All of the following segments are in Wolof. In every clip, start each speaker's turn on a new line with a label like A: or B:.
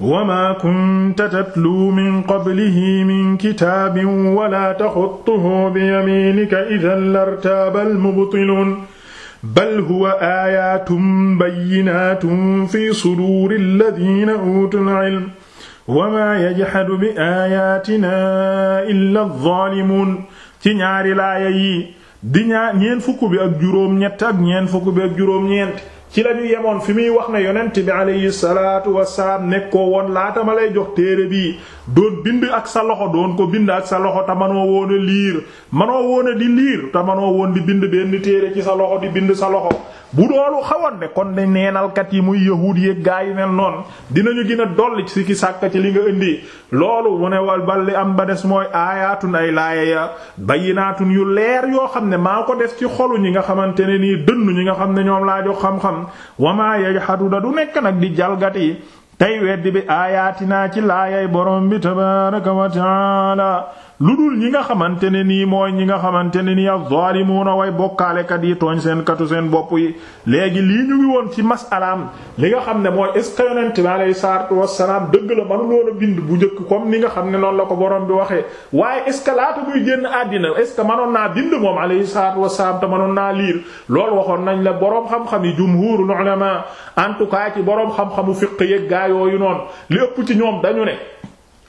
A: wama kunta tatluu min qablihi min kitaabin wala taxuttuhu biyamiinika idan lartaaba almubtiluun bal huwa aayaatun bayyinaatun fi suduuri alladiina uutul ilm wama yajhadu bi aayaatinaa illa adh-dhaalimuun ci ñaari laaya yi di ñaar ñeent fukk bi ak juróom-ñett ak ñeent fukk bi ak juróom-ñeent ci la ñu yemoon fi muy wax na yonent bi alayhi salaatu wassalaam nekkoo woon laata ma lay jox téere bii doon bind ak sa loxo doon ko bind ak sa loxo te manoo woon liir manoo woon a di liir te manoo woon di bind benn téere ci sa loxo di bind sa loxo bu doolu xawoon ne kon ne neenalkat yi muy yahuud yeeg gaa yi mel noonu dinañu gën a dolli si ki sàkk ci li nga indi loolu mu ne wal balli am ba des mooy aayaatun nay laaya ya bayinaatun yu leer yoo xam ne maa ko def ci xolu ñi nga xamante ne nii dënn ñi nga xam ne ñoom laa jox xam-xam wamaa yajhadu da du nekk nag di tey weddi bi aayaatinaa ci laayay borom tabaaraka wa taala lu dul ñi nga xamante ne nii mooy ñi nga xamante ne nii a az-zaalimuuna way bokkaalekat yi tooñ seen katu seen bopp yi léegi lii ñu ngi woon ci masalaam li nga xam ne mooy est-ce que yonent bi alayhi salaatu dëgg la manu loon a bind bu njëkk comme ni nga xam ne noonu la ko borom bi waxee waaye est-ce que muy génn àddina est manoon naa bind moom alayhi salaatu wassalaam te manoon naa liir loolu waxoon nañ la boroom xam-xam yi jumhuurul ulamaa en tout cas ci boroom xam-xamu fiqh yeeg gaa yooyu noonu li ci ñoom dañu ne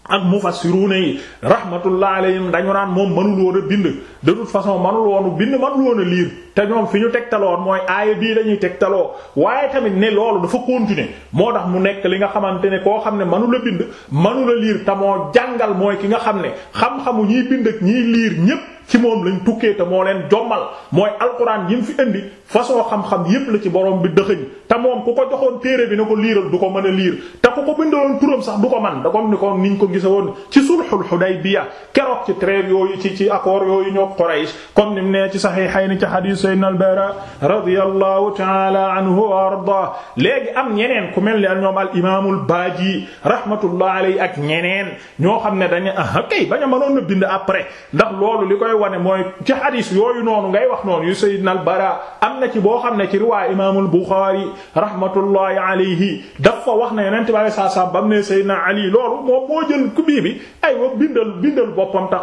A: ak mufassiruna yi rahmatullah alayhim dañu naan moom mënul woon a bind de façon mënul woonu bind mënul woon liir te ñoom fi ñu tegtaloon mooy aaya bii la ñuy tegtaloo waaye tamit ni loolu dafa continuer moo tax mu nekk li nga xamante ne koo xam ne mënul a bind mënul liir te moo jàngal mooy ki nga xam ne xam-xamu ñiy bind ak ñiy liir ñépp ci moom lañ tukkee te moo leen jommal mooy alquran yi mu fi indi façon xam-xam yépp la ci borom bi dëxëñ te moom ku ko joxoon téere bi ne ko liiral du ko mën a liir te ku ko bindoon turam sax du ko man da comme ni ko niñ ko gisa woon ci sulhul Hudaybiya keroog ci trêve yooyu ci ci accord yooyu ñoo Quraysh kon ni mu nee ci Sahihayni ci hadith Sayyidina al-Bara radiyallahu ta'ala anhu wa arda léegi am ñeneen ku mel ni ñoom al imaamul Baaji rahmatullah ak ñeneen ñoo xam ne dañu ah kay a mënoon a wane mooy ci xadiis yooyu noonu ngay wax noonu yu sayyidna al bara am na ci boo xam ne ci riwaay imaamul buxaari rahmatullahi alayhi dafa wax ne yonent bi alayhi salaam bam ne sayyidna ali loolu moom moo jël kubi bi aywa bindal bindal boppam ta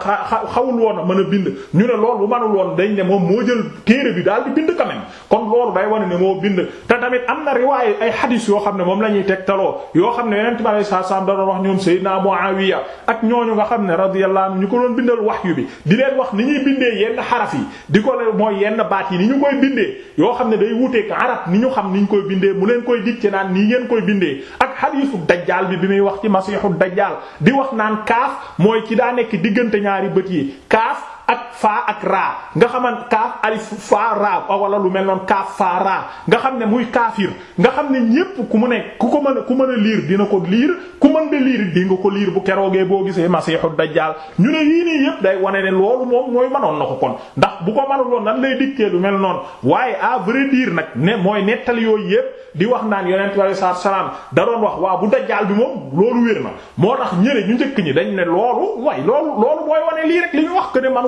A: xawul woon a ñu ne loolu bu mënul woon dañ ne moom moo jël téere bi daal di bind quand même kon loolu day wane ne moo bind te tamit am na riwaay ay xadiis yoo xam ne moom la ñuy tegtaloo yoo xam ne yonent bi alayhi salaam da doon wax ñoom sayyidna Muawiya ak ñooñu nga xam ne radiyallahu anhu ñu ko doon bindal wahyu bi di leen wax ñuy bindee yenn xaraf yi di ko le mooy yenn baat yi ni ñu koy bindee yoo xam ne day wuuteek arab ni ñu xam ni ñu koy bindee mu leen koy dicté naan nii ngeen koy bindee ak xadiisu dajjaal bi bi muy wax ci masiixu dajjaal di wax naan kaaf mooy ci daa nekk diggante ñaari bët yi kaaf ak faa ak raa nga xaman kaaf faa raa wala lu mel noonu kaaf faa raa nga xam ne muy kaafir nga xam ne ñépp ku mu nekk ku ko mën ku mën a liir dina ko liir ku mën de liir di nga ko liir bu keroogee boo gisee masiixu dajjaal ñu ne yii nii yépp day wane ne loolu moom mooy manoon na ko kon ndax bu ko manuloon nan lay dikkee lu mel noon waaye à vrai dire nag ne mooy nettali yooyu yépp di wax naan yonent bi alayhi salaatu salaam da doon wax waa bu dajjaal bi moom loolu wér na moo tax ñële njëkk ñi dañ ne loolu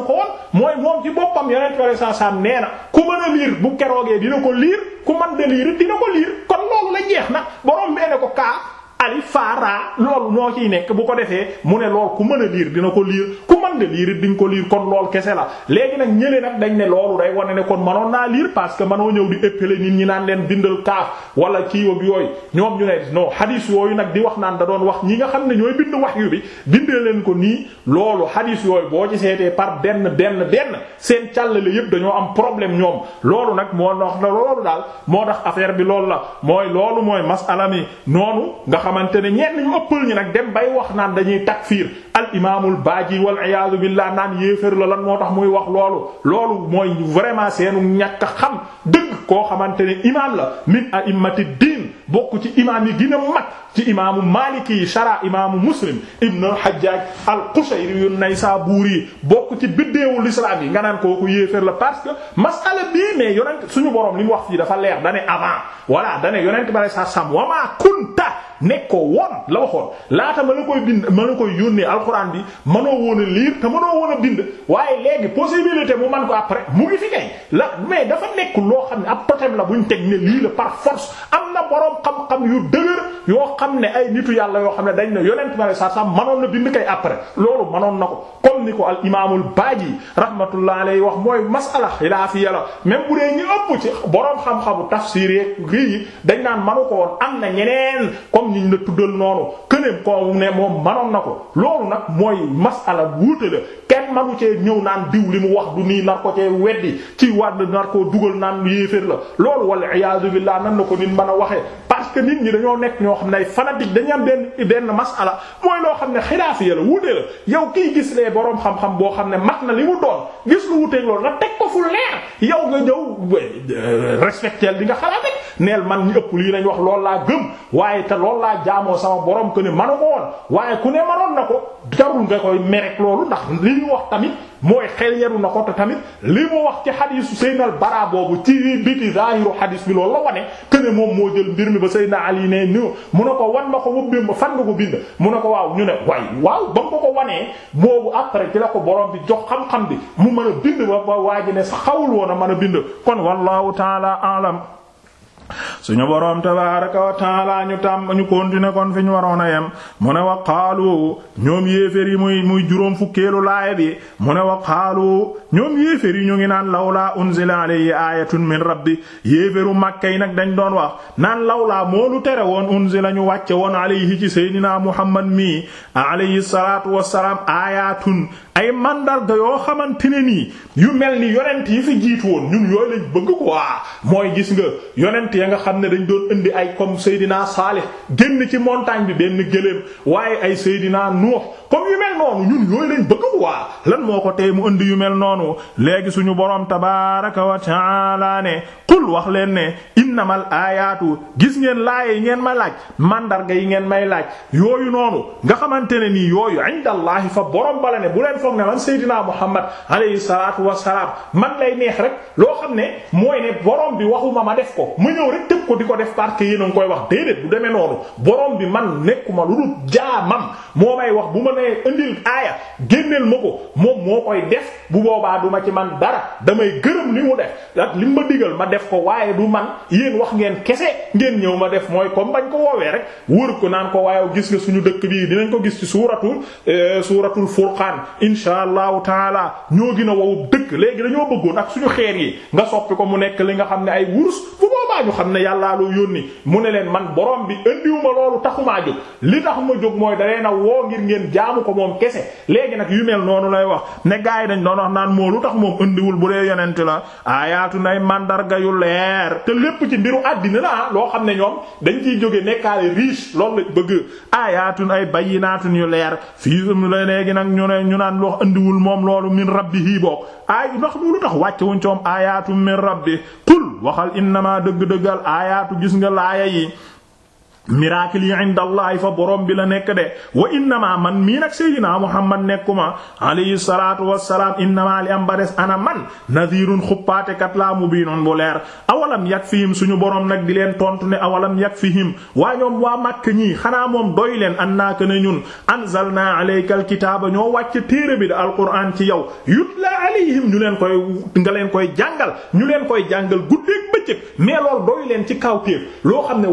A: xool mooy moom ci boppam yeneen pare saa saam nee ku mën liir bu keroogee dina ko liir ku mën de liir dina ko liir kon loolu la jeex na borom bee ko kaa alif faa loolu noo ciy nekk bu ko defee mu ne lool ku mën a liir dina ko liir ku mën de liir it ko liir kon lool kese la léegi nag ñële nag dañ ne loolu day wane ne kon manoon naa liir parce que mënoo ñëw di ëppale nit ñi naan leen bindal kaaf wala kii ak yooyu ñoom ñu ne non hadith yooyu nag di wax naan da doon wax ñi nga xam ne ñooy bind wax yu bi bindee leen ko nii loolu hadith yooyu boo ci seetee par benn benn benn seen càllale yëpp dañoo am problème ñoom loolu nag moo tax loolu daal moo tax affaire bi loolu la mooy loolu mooy masala mi noonu xamante ne ñenn ñu ëppal ñi nag dem bay wax naan dañuy takfiir al imaamul baaji wal iyaadu billah naan yéeféer la lan moo tax muy wax loolu loolu mooy vraiment seenu ñàkk xam dëgg koo xamante ne imaam la min a'immati diin bokk ci imaam yi gën a mag ci imaamu Maliki yi shara imaamu Muslim ibn al-Hajjaj al-Qushayri yu Naysaburi bokk ci biddeewu l'islam yi nga naan kooku yéeféer la parce que masala bii mais yonent suñu borom li mu wax fii dafa leer dane avant nekkoo woon la waxoon laata ma la koy bind ma la koy yónnee alxuraan bi mënoo woon a lire te mënoo woon a bind waaye léegi possibilité mu man ko après mu ngi fi kay la mais dafa nekk loo xam ne ab totem la buñ teg ne lii la par force am na boroom xam-xam yu dëgër yoo xam ne ay nitu yàlla yoo xam ne dañ ne yonent ma saa saa na bind kay après loolu mënoon na ko comme ni ko al imaamul baaji rahmatullah alayhi wax mooy masala xilaafiya la même bu dee ñu ëpp ci boroom xam-xamu tafsir yi dañ naan mënu ko am na ñeneen comme niñ la tuddal noonu këneem koo ne moom manoon na ko loolu nag mooy masala wuute la kenn manu cee ñëw naan diw li mu wax du nii nar ko cee weddi ci wàll nar ko dugal naan yéeféer la loolu walla iyaadu billaah nan na ko nit mën a waxe parce que nit ñi dañoo nekk ñoo xam ne ay fanatique dañu am benn benn masala mooy loo xam ne xilaaf ya la wuute la yow kiy gis lee boroom xam-xam boo xam ne mat na li mu doon gis lu wuuteeg loolu nga teg ko fu leer yow nga ñëw euh, respecté li nga xalaat rek neel man ñu ëpp lii lañ wax lool laa gëm waaye te loolu laa jaamoo sama boroom que ne manu ko woon waaye ku ne manoon na ko jarul nga koy merek loolu ndax li ñu wax tamit mooy xel yaru na ko tamit li mu wax ci xadiisu Seydina al Bara boobu ci biti zaahiru xadiis bi loolu la wane que moom moo jël mbir mi ba Seydina Ali ne ñu mu a ko wan ma ko mu bind fan nga ko bind mun ne ko waaw ñu ne way waaw ba mu ko ko wanee boobu après ci la ko borom bi jox xam-xam bi mu mën a bind ba ba waa ji ne xawul woon a mën a bind kon wallahu ta'ala a'lam suñu boroom tabaaraka wa taala ñu tàmm ñu continuer kon fi ñu waroon a yem mu ne wa qaalu ñoom yéefér yi muy muy juróom fukkeelu laaya bi mu ne wa qaalu ñoom yéefér yi ñu ngi naan lawlaa unzila alayhi aayatun min rabbi yéeféru màkka yi nag dañ doon wax naan lawlaa moo lu tere woon unzila ñu wàcce woon alayhi ci seydinaa muhammad mi alayhi salaatu wassalaam aayatun ay mandarga yoo xamante ne nii yu mel ni yonent yi fi jiitu woon ñun yooyu lañ bëgg quoi mooy gis nga yonent xam ne dañ doon indi ay comme Seydina Salih génn ci montagne bi benn gëléem waaye ay Seydina Nuux comme yu mel noonu ñun yooyu lañ bëgg waa lan moo ko tey mu indi yu mel noonu léegi suñu boroom tabaaraka wa ta'aala ne qul wax leen ne innamal aayaatu gis ngeen laaya yi ngeen ma laaj mandarga yi ngeen may laaj yooyu noonu nga xamante ne nii yooyu indallahi fa borom bala ne bu leen foog ne man Seydina Muhammad alayhi salaatu wa salaam man lay neex rek loo xam ne mooy jóg ko di ko def parce yi yéen koy wax déedéet du demee noonu borom bi man nekkuma lu dul jaamam moo may wax bu ma nee indil aaya génneel ma ko moom moo koy def bu boobaa duma ci man dara damay gërëm li mu def ak li ma digal ma def ko waaye du man yéen wax ngeen kese ngeen ñëw ma def mooy comme bañ ko woowee rek wër ko naan ko waaye gis nga suñu dëkk bii dinañ ko gis ci suuratul euh, suuratul furqaan insha allahu taala ñoo gën a wow dëkk léegi dañoo bëggoon ak suñu xeer yi nga soppi ko mu nekk li nga xam ne ay wurus waa ñu xam ne yàllaa yónni mu ne leen man borom bi indiwuma loolu taxumaa jóg li taxuma jóg mooy da leen woo ngir ngeen jaamu ko moom kese léegi nag yu mel noonu lay wax ne gars yi dañ doon wax naan moo lu tax moom bu dee yonent la aayaatu nay mandarga yu leer lépp ci mbiru àddina la loo xam ne ñoom dañ ciy jóge nekkaale riche loolu lañ bëgg aayaatun ay bayyinaatun yu leer fii la léegi nag ñu ñu naan loo indiwul moom loolu min rabbihi bok ay ndax lu tax wàcce wuñ coom aayaatun min rabbi qul waxal innama dëgg dëgg-dëggal aayaatu gis nga laaya yi miracle yi inda allahi fa boroom bi la nekk de wa innama man mii nag seydinaa muhammad nekkuma alayhi salaatu wassalaam innama li am ba des ana man nadhirun kat laa mubiinun bu leer awalam yakfihim suñu borom nag di leen tontu ne awalam yakfihim waa ñoom waa màkk ñii xanaa moom doy leen annaaka ne ñun anzalna alayka alkitaaba ñoo wàcc téere bi da alquraan ci yow yutla alayhim ñu leen koy nga leen koy jàngal ñu leen koy jàngal guddeek bëccëg mais lool doy leen ci kawtéef loo xam ne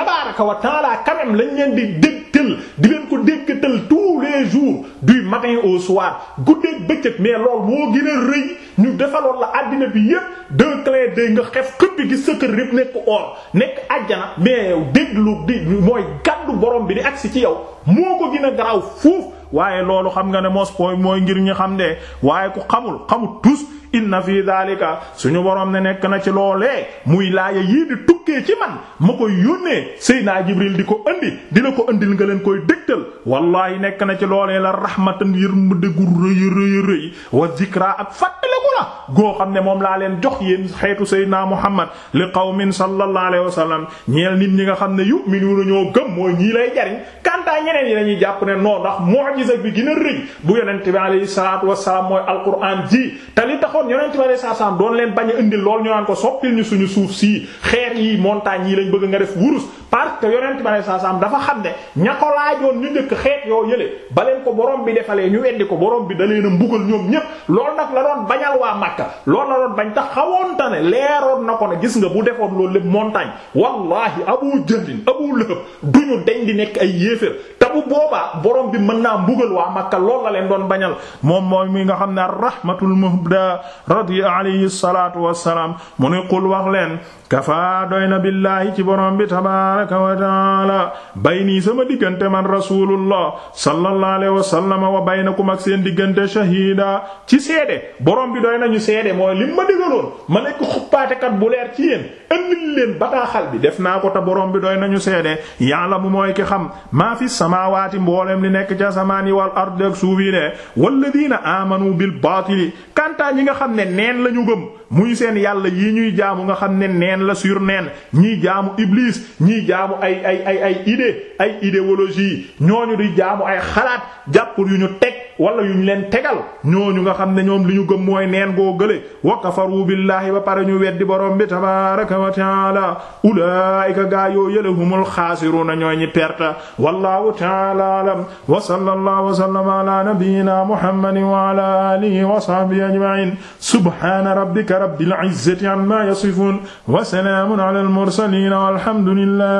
A: tabaraka wa taala quand même lañ leen di dégtal di leen ko dégtal tous les jours du matin au soir guddeeg bëccëg mais lool moo gën a rëy ñu defaloon la àddina bi yëpp d'un clin d'œil nga xef xëppi gi sa kër yépp nekk or nekk àjjana mais yow déglu di mooy gàddu borom bi di agsi ci yow moo ko gin a garaw foofu waaye loolu xam nga ne mos mooy ngir ñu xam ne waaye ku xamul xamul tous inna fi daalika suñu borom ne nekk na ci loolee muy laaya yii di tukkee ci man ma koy yónnee Seydina Jibril di ko andi di la ko andil nga leen koy dégtal wallahi nekk na ci loolee la rahmatan yërmande gu rëy rëy rëy wa zikra ak fàttaliku la goo xam ne moom laa leen jox yéen xeetu Seydina Muhammad li qawmin sallallahu alayhi wa sallam ñeel nit ñi nga xam ne yu'minuna ñoo gëm mooy ñii lay jariñ kantaa ñeneen yi dañuy jàpp ne non ndax mu'jiza bi gën a rëy bu yonent bi alayhi salaatu wassalaam mooy ji taxoon yonent bi saa saam doon leen bañ a indil lool ñu naan ko soppil ñu suñu suuf sii xeer yi montagne yi lañ bëgg nga def wurus parce que yonent bi saa saam dafa xam ne ña ko laajoon ñu njëkk xeet yoo yële ba leen ko borom bi defalee ñu weddi ko borom bi da leen a mbugal ñoom ñépp loolu nag la doon bañal waa Makka loolu la doon bañ na gis nga bu defoon loolu lépp montagne wallahi Abu Jahl Abu Lahab duñu deñ di nekk ay yéeféer te bi mën naa mbugal waa Makka loolu la leen doon bañal moom mooy mi nga xam ne rahmatul muhda radi a salatu wassalaam mu ne qul wax leen kafa doy na billahi ci borom bi tabaar tabaaraka wa taala bayni sama diggante man rasulullah sallallahu alayhi wa sallam na baynakum ak seen diggante shahida ci seede borom bi doy nañu seede mooy lim ma digaloon ma nekk xuppaatekat bu leer ci yéen ëndil leen bataaxal bi def naa ko te borom bi doy nañu seede yàlla mu mooy ki xam maa fi samaawaati mboolem li nekk ca samaan yi wal ard ak suuf yi ne walladiina aamanu bil baatili kantaa ñi nga xam ne neen lañu gëm muy seen yàlla yi ñuy jaamu nga xam ne neen la sur jaamu ay ay ay ay idée ay idéologie ñooñu di jaamu ay xalaat jàppul yu ñu teg wala yu ñu leen tegal ñooñu nga xam ne ñoom li ñu gëm mooy neen goo gële wa kafaru billaahi ba pare ñu weddi borom bi tabaaraka wa taala ulaa'ika gaa yoo yële humul xaasiruuna ñooy ñi perta wallahu taala alam wa sallallahu wa sallama ala nabiyyina muhammadin wa ala alihi wa sahbihi ajma'in subhana rabbika rabbil izzati amma yasifun wa salaamun ala al mursalin walhamdulillah